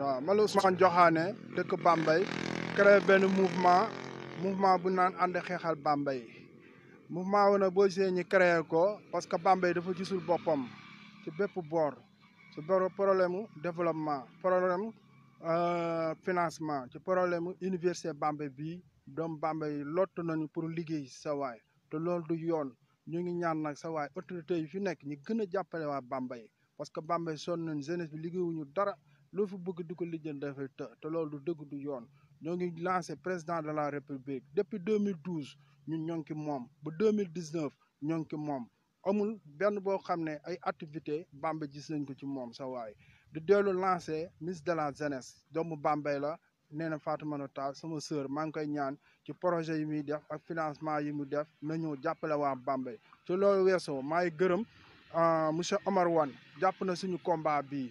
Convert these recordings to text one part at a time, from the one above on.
waaw man la Ousmane Joxaane dëkk Bambey créé benn mouvement mouvement bu naan ànd xeexal Bambey mouvement wu na boo gisee ñi créé ko parce que Bambey dafa gisul boppam ci bépp boor ci problème mu développement problème euh, financement ci problème mu université bambay bi doom Bambey lott nañu pour liggéey sa waay te loolu du yoon ñu ngi ñaan nag sa waay autorité yi fi nekk ñi gën a jàppale waa bambay parce que Bambey sonn nañ bi liggéeyuñu dara. loo fi bëgg di ko lijjanti dafay te te loolu du dëgg du yoon ñoo ngi lancé président de la république depuis 2012 ñun ñoo ngi ki moom ba 2019 ñoo ngi ki moom amul benn boo xam ne ay activité Bambey gis nañ ko ci moom sa waay di dellu lancé ministre de la jeunesse doomu Bambey la nee na Fatoumata Tall sama seur maa ngi koy ñaan ci projet yi muy def a financement yi mu def na ñëw jàppale waa Bambey ci loolu weesoo maa ngi gërëm euh, monsieur Omar Wane jàpp na suñu combat bii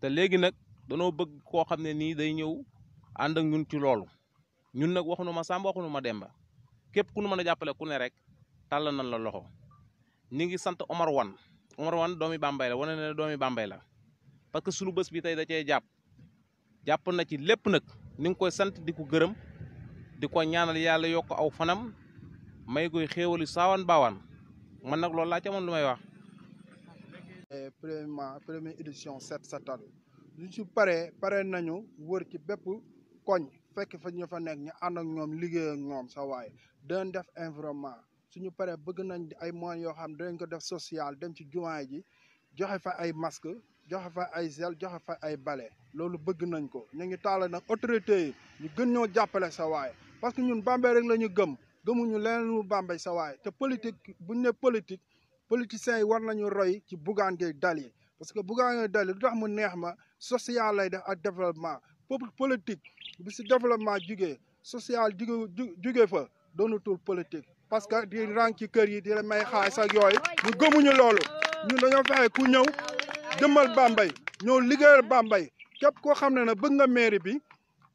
te léegi nag danoo bëgg koo xam ne nii day ñëw ànd ak ñun ci loolu ñun nag waxunu ma Samba waxunu ma Demba képp ku nu mën a jàppale ku ne rek tàll nañ la loxo ñu ngi sant Omar Wan Omar Wan doomi Bambey la wane ne doomi Bambey la parce que sunu bés bi tey da cee jàpp jàpp na ci lépp nag ni ngi koy sant di ko gërëm di ko ñaanal yàlla yokk aw fanam may koy xéewali saawan baawaan man nag loolu laa man lu may wax. premièrement première édition set setal luñ si paree pare nañu wër ci bépp koñ fekk fa ñu fa nekk ñu ànd ak ñoom liggéey ñoom sa waaye dinañ def environnement suñu paree bëgg nañ ay moyens yoo xam ne dinañ ko def social dem ci jumaa ji joxe fa ay masque joxe fa ay gel joxe fa ay bale loolu bëgg nañ ko ñu ngi taal nag autorité yi ñu gën ñoo jàppale sa waaye parce que ñun Bambey rek la ñu gëm gëmuñu leneen lu Bambey sa waaye te politique buñ ne politique politiciens yi war nañu roy ci Bougane Gueye Dany parce que Bougane Gueye Dany lu tax mu neex ma social lay def ak développement politique bi si développement jugee social juge jugee fa doonatul politique parce que di rang ci kër yi di la may xaalis ak yooyu ñu gëmuñu loolu ñun dañoo fexe ku ñëw jëmmal Bambey ñëw liggéeyal Bambey képp koo xam ne na bëgg nga mairie bi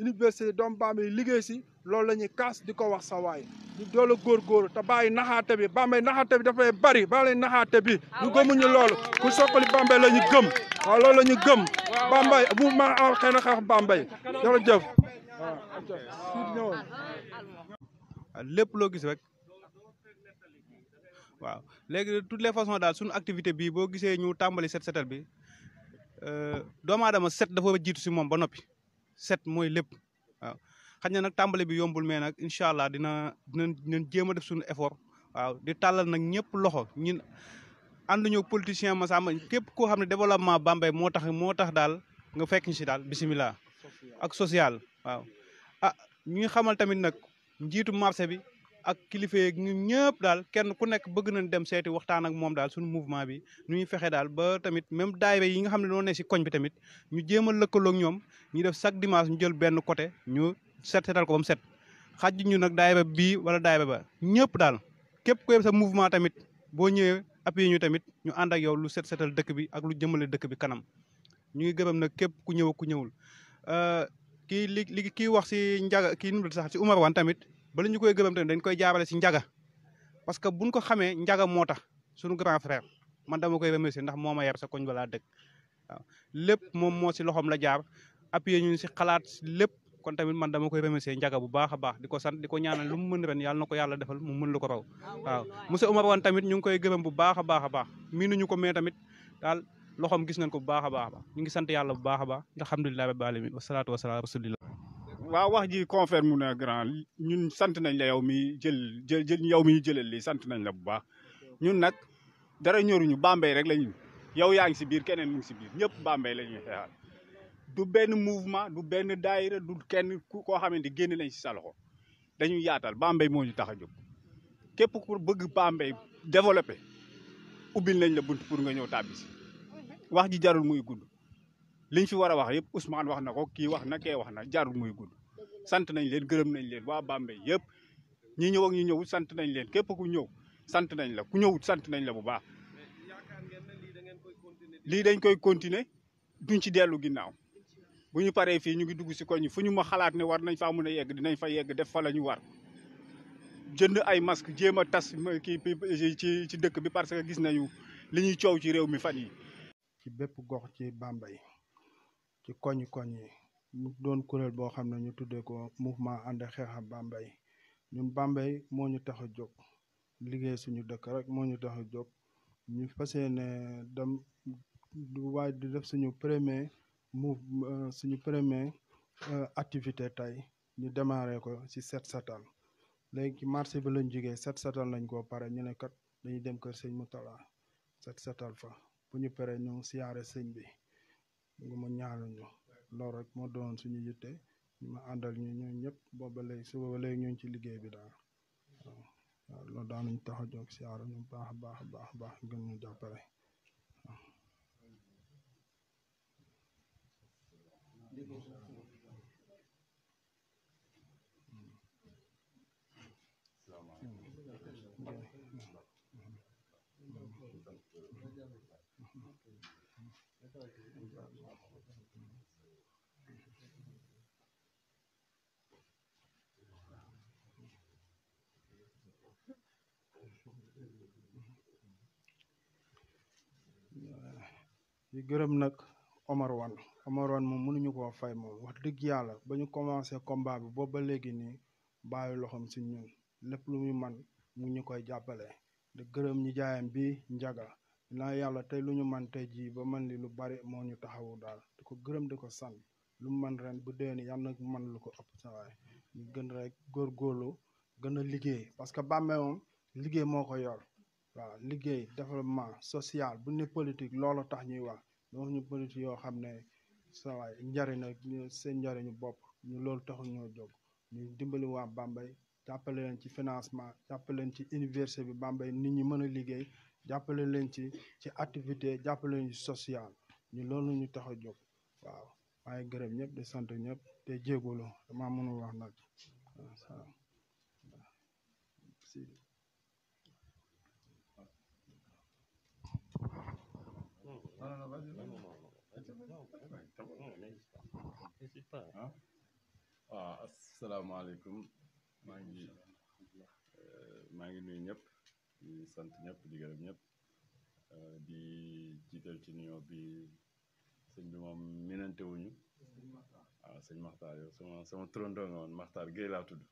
université doom Bambey liggéey si loolu la ñuy kaas di ko wax sa waay ñu dool a góorgóoru te bàyyi naxaate bi Bambey naxaate bi dafay bari bàyyi naxaate bi ñu ah, gëmuñu loolu ku soqali Bambey la ñu loolu la ñu gëm Bambey mu ma a xëy na xeex Bambey jërëjëf ah, lépp loo gis rek waaw léegi de toutes les façon daal suñu activité bii boo gisee ñu tàmbali set setal bi euh, doomu aadama set dafa jiitu si moom ba noppi set mooy lépp waaw xaj na nag tàmbali bi yombul mais nag incha allah dina dinañ jéem a def suñu effort waaw di tàllal nag ñëpp loxo ñun ànduñu politicien ma sàmm képp koo xam ne développement bambay moo tax moo tax daal nga fekk si daal bisimilah. ak social waaw. ah ñu xamal tamit nag njiitu marché bi ak kilifa yeeg ñun ñëpp daal kenn ku nekk bëgg nañ dem seeti waxtaan ak moom daal suñu mouvement bi ñu fexe daal ba tamit même daayira yi nga xam ne noo ne si koñ bi tamit ñu jéem a ñoom. ñu def chaque dimanche ñu jël benn côté ñu set setal ko ba mu set xaj ñu nag daay ba bii wala daay ba ñëpp daal képp ku sa mouvement tamit boo ñëwee appuyé ñu tamit ñu ànd ak yow lu set setal dëkk bi ak lu jëmale dëkk bi kanam ñu ngi gërëm na képp ku ñëw ku ñëwul. Euh, kii li li kii wax si njaga kii nu sax si Umar Wan tamit bala ñu koy gërëm tamit dañ koy jaarale si njaga parce que bu buñ ko xamee njaga moo tax sunu grand frère man dama koy remercier ndax moo ma sa koñ balaa dëkk waaw lépp moom moo si loxoom la jaar. ñu ngi si xalaat si lépp kon tamit man dama koy remercier njaga bu baax a baax di ko sant di ko ñaanal lu mu mën ren yàlla na ko yàlla defal mu mën lu ko raw waaw monsieur Omar Wane tamit ñu ngi koy gërëm bu baax a baax a baax miinuñu ko mais tamit daal loxoom gis nañ ko bu baax a baax ñu ngi sant yàlla bu baax a baax alhamdulilah rabbil alamin wasalaatu wasalaam rasulillah waaw wax ji confirme na grand ñun sant nañ la yow mi jël jël jël yow mi jëlal lii sant nañ la bu baax ñun nag dara ñoruñu Bambey rek la ñu yow yaa ngi si biir keneen mu ngi si biir ñëpp Bambey la du benn mouvement du benn daayira du kenn ku koo xamante génn lañ si sa loxo dañuy yaatal Bambey moo ñu tax a jóg képp ku bëgg Bambey développé ubbil nañ la bunt pour nga ñëw tàbbi si wax ji jarul muy gudd liñ fi war a wax yëpp Ousmane wax na ko kii wax na kee wax na jarul muy gudd sant nañ leen gërëm nañ leen waa Bambey yëpp ñi ñëw ak ñi ñëwut sant nañ leen képp ku ñëw sant nañ la ku ñëwut sant nañ la bu baax lii dañ koy continuer duñ ci dellu ginnaaw bu ñu paree fii ñu ngi dugg si koñ fu ñu ma xalaat ne war nañ faa mën a yegg dinañ fa yegg def fala ñu war jënd ay masque jéem a tas kii ci ci dëkk bi parce que gis nañu li ñu coow ci réew mi fan yi ci bépp gox ci Bambey ci koñ-koñ yi doon kuréel boo xam ne ñu tuddee ko mu mouvement ànd xeexam Bambey ñun Bambey moo ñu tax a jóg liggéey suñu dëkk rek moo ñu tax a jóg ñu fas yéene dem waaye di def suñu premier move uh, suñu premier uh, activité tay ñu démarré ko ci set satan léegi marché bi lañ jugee set satan lañ koo pare ñu ne kat dañu dem kër sëñ mutala set satal fa bu ñu pare ñu siyaare sëñ bi ngu ma ñaaruñu loolu rek moo doon suñu yitte ñu ma àndal ñu ñoo ñëpp booba léegi su booba léegi ñoo ci liggéey bi daal loolu daanañ taxajoog siyaara ñu baax a baax a baax baax gën ñu jàppale di gërëm nag Omar Wane Cameroun moom mënuñu koo fay moom wax dëgg yàlla ba ñu commencé combat bi boobu ba léegi nii bàyyi loxoom si ñun lépp lu ñu man mu ñu koy jàppale di gërëm ñu jaayam bi njaga na yàlla tey lu ñu man tey jii ba man li lu bari moo ñu taxawu daal di ko gërëm di ko sant lu man ren bu déwénee yàlla nag man lu ko ëpp sawaay ñu gën rek góorgóorlu gën a liggéey parce que Bambey moom liggéey moo ko yor waaw liggéey développement social bu ne politique loolu tax ñuy wax ñoo ñu politique ne sawaay njariñ ak seen ñu nous ñu lool nous ñoo jog ñu dimbali wa bambay jàppale ci financement ci université bi le nit ñi sommes liggéey ci ci activité ci social ñu loolu ñu tax nous waaw gërëm ñep di sant te wax ah waaw asalaamaaleykum maa ngi eh, maa ngi nuyu ñëpp di sant ñëpp di gërëm ñëpp eh, di jiital ci nuyoo bi sëñ bi moom minante wuñu waaw ah, sëñ Maxtaar yow sama sama nga woon Maxtaar Gueye laa tudd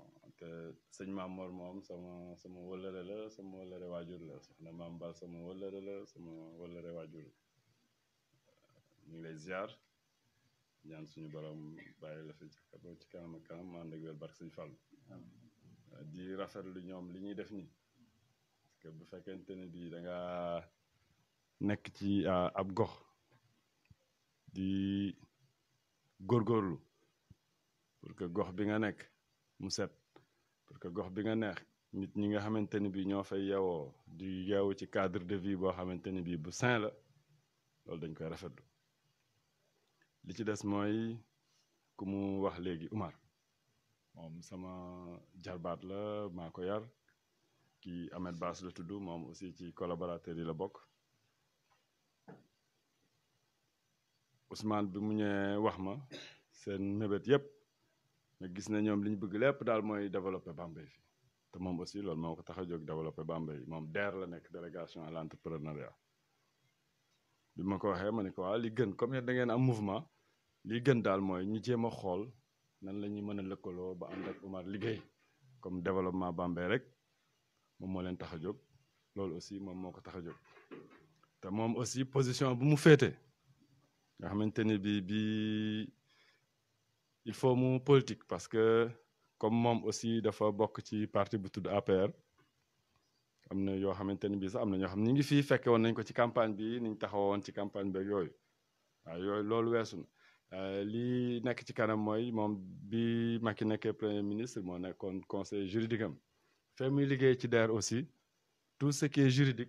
ah, te sëñ Maam Mor moom sama sama wëllëre la sama wëllëre waajur la soxna Maam Bal sama wëllëre la sama wëllëre waajur la eh, ñu ngi lay ziar ñaan suñu borom bayyi la fi ci ba ci kanam ak kanam ma ak wér barke suñu fàll di rafetlu ñoom li ñuy def ni parce que bu fekkente ni bii da nga nekk ci ab gox di góorgóorlu pour que gox bi nga nekk mu set pour que gox bi nga neex nit ñi nga xamante ni bi ñoo fay yeewoo di yeewu ci cadre de vie boo xamante ni bi bu sain la loolu dañ koy rafetlu li ci kumu wahlegi kumu wax Umar mom sama jarbat la mako yar ki Ahmed Bass la tuddu mom aussi ci collaborateur yi la bok Ousmane bi mu ñëwee wax ma sen mebet yep na gis na ñom li bëgg lepp dal moy développer Bambey fi te moom aussi lool moko ko jog développer Bambey mom DER la nek délégation à l'entrepreneuriat bima ma ko waxe ma ne ko waaw li gën comme yéen da ngeen am mouvement li gën dal moy ñu jema xol nan lañu mëna lekkolo ba and ak Omar liggéey comme développement Bambé rek mom mo leen taxajuk lool aussi mom moko taxajuk ta mom aussi position bu mu fété nga xamanteni bi bi il faut mu politique parce que comme mom aussi dafa bok ci parti bu tudd APR amna yo xamanteni bi sax amna xam ni ngi fi fekke won nañ ko ci campagne bi niñ taxawon ci campagne beeg yooyu waaw yooyu loolu weesu Euh, li nekk ci kanam mooy moom bi Macky nekkee premier ministre moo nekkoon conseil juridique am fee muy liggéey ci DER aussi tout ce qui est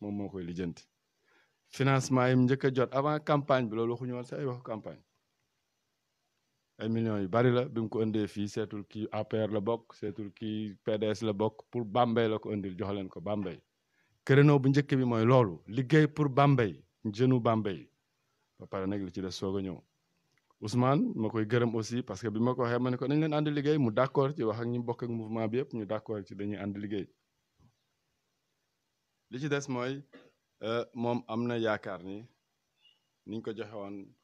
moom moo koy lijjanti financement yi mu njëkk a jot avant campagne bi loolu waxuñu woon si ay waxu campagne ay yu bari la bi mu ko indee fii seetul kii APR la bokk seetul kii PDS la bokk pour Bambey la ko indil jox leen ko Bambey créneau bu njëkk bi mooy loolu liggéey pour Bambey jeune u Bambey ba pare nag li ci des soog a ñëw Ousmane ma koy gërëm aussi parce que bi ma ko waxee ma ne ko nañ leen ànd liggéey mu d'accord ci wax ak ñu bokk ak mouvement bi yëpp ñu d'accord ci dañuy ànd liggéey li ci des mooy euh, moom am na yaakaar ni niñ ko joxe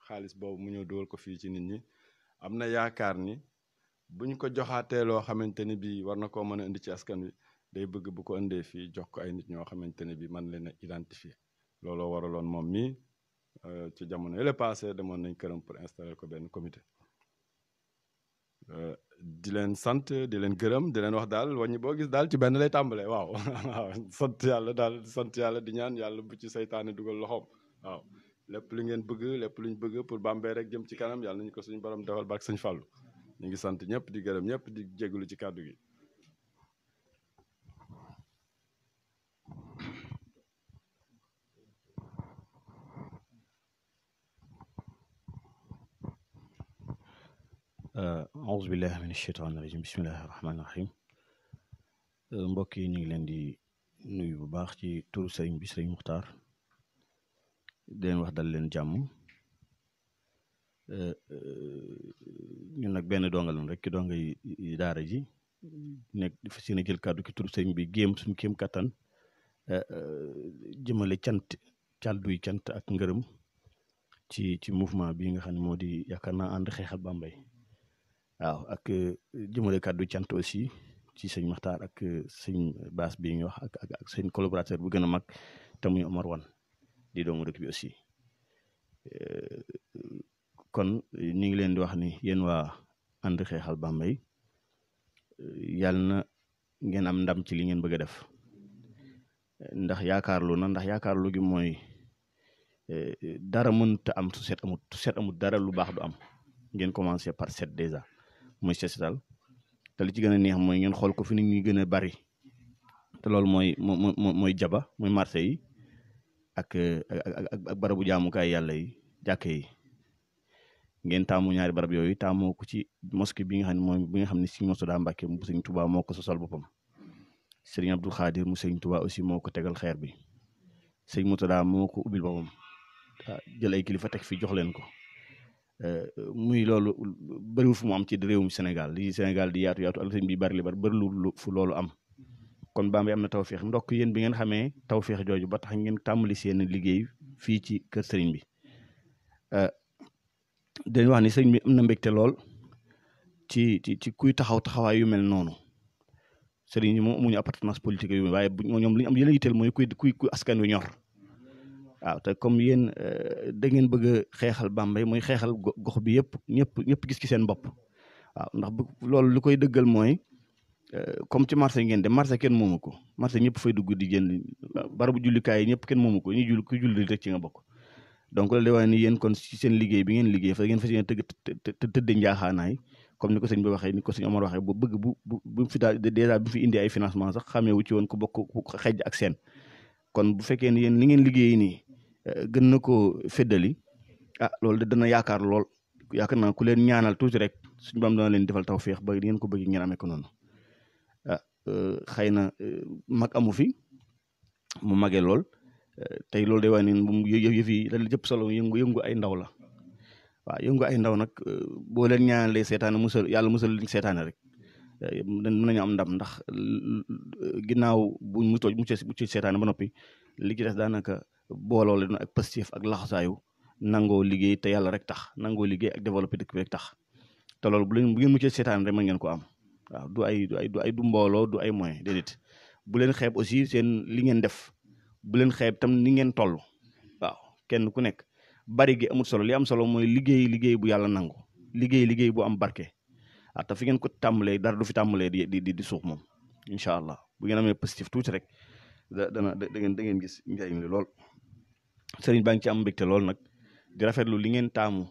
xaalis boobu mu ñëw dugal ko fii ci nit ñi am na yaakaar ni buñ ko joxaatee loo xamante ni bii war na koo mën a indi ci askan wi day bëgg bu ko fii jox ko ay nit ñoo xamante ne bii man leen a identifier looloo waraloon moom mii Euh, ci jamono yële passé demoon nañ këram pour installer ko benn comité euh, di leen sant di leen gërëm di leen wax daal wàññi boo gis daal ci benn lay tàmbale waaw sant yàlla daal sant yàlla di ñaan yàlla bu ci seytaane dugal loxoom waaw lépp lu ngeen bëgg lépp ñu bëgg pour Bambey rek jëm ci kanam yàlla nañu ko suñu borom defal barke Sëñ fallu ñu ngi sant ñëpp di gërëm ñëpp di jégalu ci kàddu gi آه، أعوذ بالله من الشيطان الرجيم بسم الله الرحمن الرحيم آه، مبكي نيلن دي نوي بو باخ تي تور سيرن بي سيرن مختار دين واخ دال لين جامو آه، ني نك بن دونغال رك كي دونغ يي دارا جي نك دي فسينا جيل كادو كي تور سيرن بي گيم سون كيم كاتان جيمالي تيانت تالدوي تيانت اك نغرم تي تي موفمان بيغا خاني مودي ياكارنا اند خيخال بامباي waaw ak eh, jëmale kaddu cant aussi ci sëñ Maxtaar ak eh, sëñ baas bi ñu wax ak ak ak sëñ collaborateur bu gën a mag te muy Omar Wan di doomu dëkk bi aussi eh, kon ñu ngi leen di wax ni yéen waa ànd xeexal Bambey yàlla na ngeen am ndam ci li ngeen bëgg a def ndax yaakaarlu na ndax yaakaarlu gi mooy dara a am su set amut su set amut dara lu baax du am ngeen commencé par set dèjà mooy seetal te li ci gëna neex moy ngeen xol ko fi nit ñuy gën bari te lool moy moy mooy jaba moy marché yi ak ak ak barabu jaamu kay yalla yi jàkka yi ngeen tamu ñaari barab yooyu tamu ko ci mosquée bi nga xamni moy bi nga xamni Serigne Moussa Moustapha Mbacke mu Serigne Touba moko ko sosal boppam sëriñ Abdou Khadir mu Serigne Touba aussi moko ko tegal xeer bi sëñ Moustapha moko ubil bopam boppam jël ay kilifa tek fi jox len ko. Euh, muy loolu bëriwul fu mu am ci mi Sénégal li Sénégal di yaatu yaatu ak sëñ bi bari li bari bëriwul fu loolu am kon baam am na tawféex ndokk yeen bi ngeen xamee tawféex jooju ba tax ngeen tàmbali seen liggéey fii ci kër sëriñ bi euh, dañ wax ni sëriñ bi am na mbégte lool ci ci ci kuy taxaw taxawaay yu mel noonu sëriñ bi moom amuñu appartenance politique yu mel waaye bu ñoom li ñu am yéen a yitteel mooy kuy kuy askan wi ñor waaw te comme yéen euh, da ngeen bëgg a xeexal Bambey muy xeexal gox bi yëpp ñëpp ñëpp gis ci seen bopp waaw ndax bu loolu lu koy dëggal mooy euh, comme ci marché ngeen de marché kenn moomu ko marché ñëpp fay dugg di jënd barabu jullikaay yi ñëpp kenn moomu ko ñu jull ku julli rek ci nga bokk donc loolu day wane ni yéen kon ci seen liggéey bi ngeen liggéey fa ngeen fas yéene tëgg tëdde njaaxaanaay comme ni ko sëñ bi waxee ni ko sëñ Omar waxee bu bëgg bu bu fi daal dèjà bu fi indi ay financement sax xamee wu ci woon ku bokk xej ak seen kon bu fekkee ni yéen li ngeen liggéey nii gën na ko feddali a ah, loolu de dana yaakaar lool yaakaar naa ku leen ñaanal tuuti rek suñu bam dana leen defal tawféex ba ngeen ko bëgg ngeen amee ko noonu ah euh, euh, mag amu fi mu magee lool tey loolu day wax ne moom yëf yi la solo yëngu yëngu ay ndaw la waaw yëngu ay ndaw nag euh, boo leen ñaanalee seetaane musal yàlla musal liñ seetaane rek eh, mën nañu am ndam ndax ginnaaw buñ mu toj mu seetaane ba noppi li daanaka bolo leen ak pastif ak laxasaayu nango liggey te yalla rek tax nango liggey ak developer dëkk rek tax te lolou bu leen bu ngeen muccee rek ma ngeen ko am waaw du ay du ay du ay du mbolo du ay moyen dedit bu leen xeb aussi sen li ngeen def bu leen xeb tam ni ngeen tollu waaw kenn ku nek bari gi amul solo li am solo moy liggey liggey bu yalla nango liggey liggey bu am barke ah te fi ngeen ko tambale dar du fi tambale di di di suuf mom inshallah bu ngeen amé positif tout rek da da da ngeen da ngeen gis ngay lool serigne bang ci am mbégte lol nak di rafetlu li ngeen tamu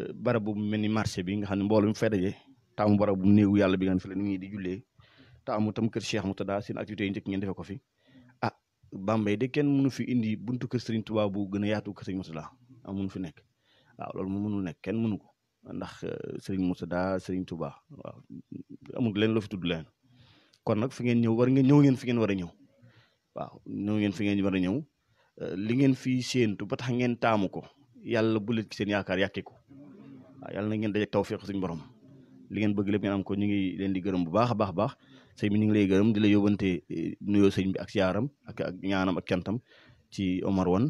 eh, barab bu mel marché bi nga xamni mbolum mbooloo tamu barab bu néegu yàlla bi nga xam ne fi la nit di jullee tamu tam keur Cheikh Moutada seen activité yi ngeen ko fi ah bambay de ken mënu fi indi buntu keur Serigne Touba bu gëna yaatu keur Serigne Moutada ah fi nek waaw lol moom mënul nek ken mënu ko ndax eh, Serigne Moutada Serigne Touba waaw amul len lo fi tuddu len kon nak fi ngeen ñew war ngeen ñew ngeen fi ngeen wara ñew waaw ñew ngeen fi ngeen wara ñew li ngeen fi séentu ba tax ngeen taamu ko yàlla bu leen seen yaakaar yàqi ko waaw yàlla na ngeen dajeeg tawfiq suñu borom li ngeen bëgg lépp ngeen ñu ngi leen di gërëm bu baax a baax baax sëñ bi ñu ngi lay gërëm di la yóbbante eh, nuyoo sëñ bi ak siyaaram ak ak ñaanam ak cantam ci Omar Wane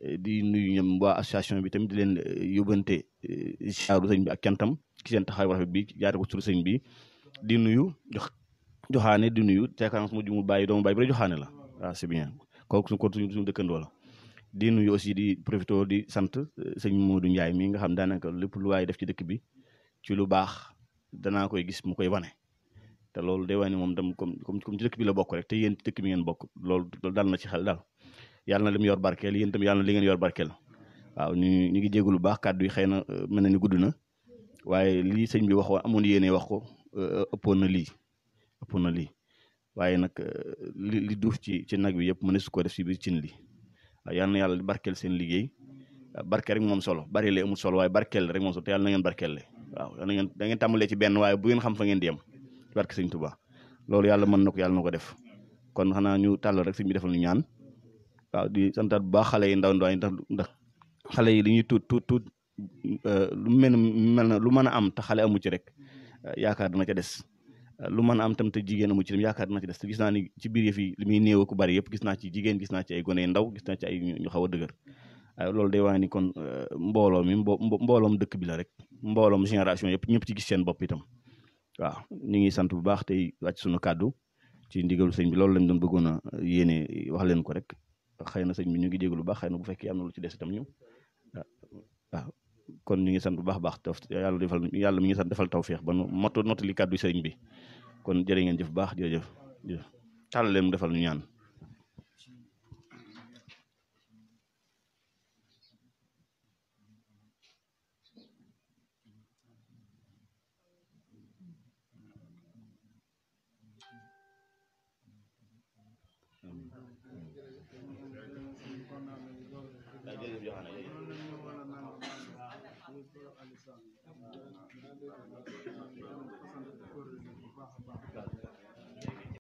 eh, di nuyu ñoom wa association bi tamit di leen eh, yóbbante siyaaru sëñ bi ak cantam ki seen taxawaay bu rafet bi jaare ko turu sëñ bi di nuyu jox joxaane di nuyu te kan mu bàyyi doomu bàyyi bi rek joxaane la waaw c'est kooku suñ kon suñ suñu dëkkandoo la di nuyu aussi di profité di sant euh, sëñ Modou njaay mii nga xam daanaka lépp lu waay def ci dëkk bi ci lu baax danaa koy gis mu koy wane te loolu day wane moom tam comme comme ci dëkk bi la bokk rek te yéen ci dëkk bi ngeen bokk loolu loolu dal na ci xel daal yàlla na li mu yor barkeel yéen tam yàlla na li ngeen yor barkeel waaw ñu ngi jéegu lu baax kàddu yi xëy na euh, mel na gudd na waaye lii sëñ bi waxoon amoon yéene wax ko euh, ëppoon na lii ëppoon na lii waye nak eh, li li duuf ci ci nag bi yëpp su ko def ci bir ci li yal na yàlla barkel seen liggéey barkeel rek mom solo bari le amul solo waye barkel rek mom solo te yàlla na ngeen barkel le waaw da ngeen da ngeen tàmbalee ci ben waye bu ngeen xam fa ngeen dem yem barke sëñ Tuubaa loolu yàlla mën na ko def kon xana ñu tal rek sëñ bi defal ñu ñaan waaw di santaat ba xalé yi ndaw ndaw ndax xalé yi dañuy tut tut tut eh, lu mel lu mën a am ta xalé amu ci rek eh, yaakaar dana ca dess lu man am tam te jigen amu ci tam yaakaar na ci dess gis na ni ci bir yi li muy néew bari yep gis na ci jigen gis na ci ay gonay ndaw gis na ci ay ñu xawa deugar dëgër day wani kon euh, mbolo mi mbooloom dekk bi la rek mbooloom generation yep ñep ci gis seen bop itam waaw ñu ngi sant bu baax tey wacc suñu kàddu ci ndigal sëñ bi lool lañ doon bëggoon euh, yene wax leen ko rek xeyna señ bi ñu ngi jégalu baax xeyna bu amna lu ci dess itam ñu ah, kon ñu ngi sant bu baax baax yalla defal yalla mi ngi sant defal tawfiq ba nu mottu li señ bi kon jërë ngeen jëf baax jërëjëf tàll leen defal ñu ñaan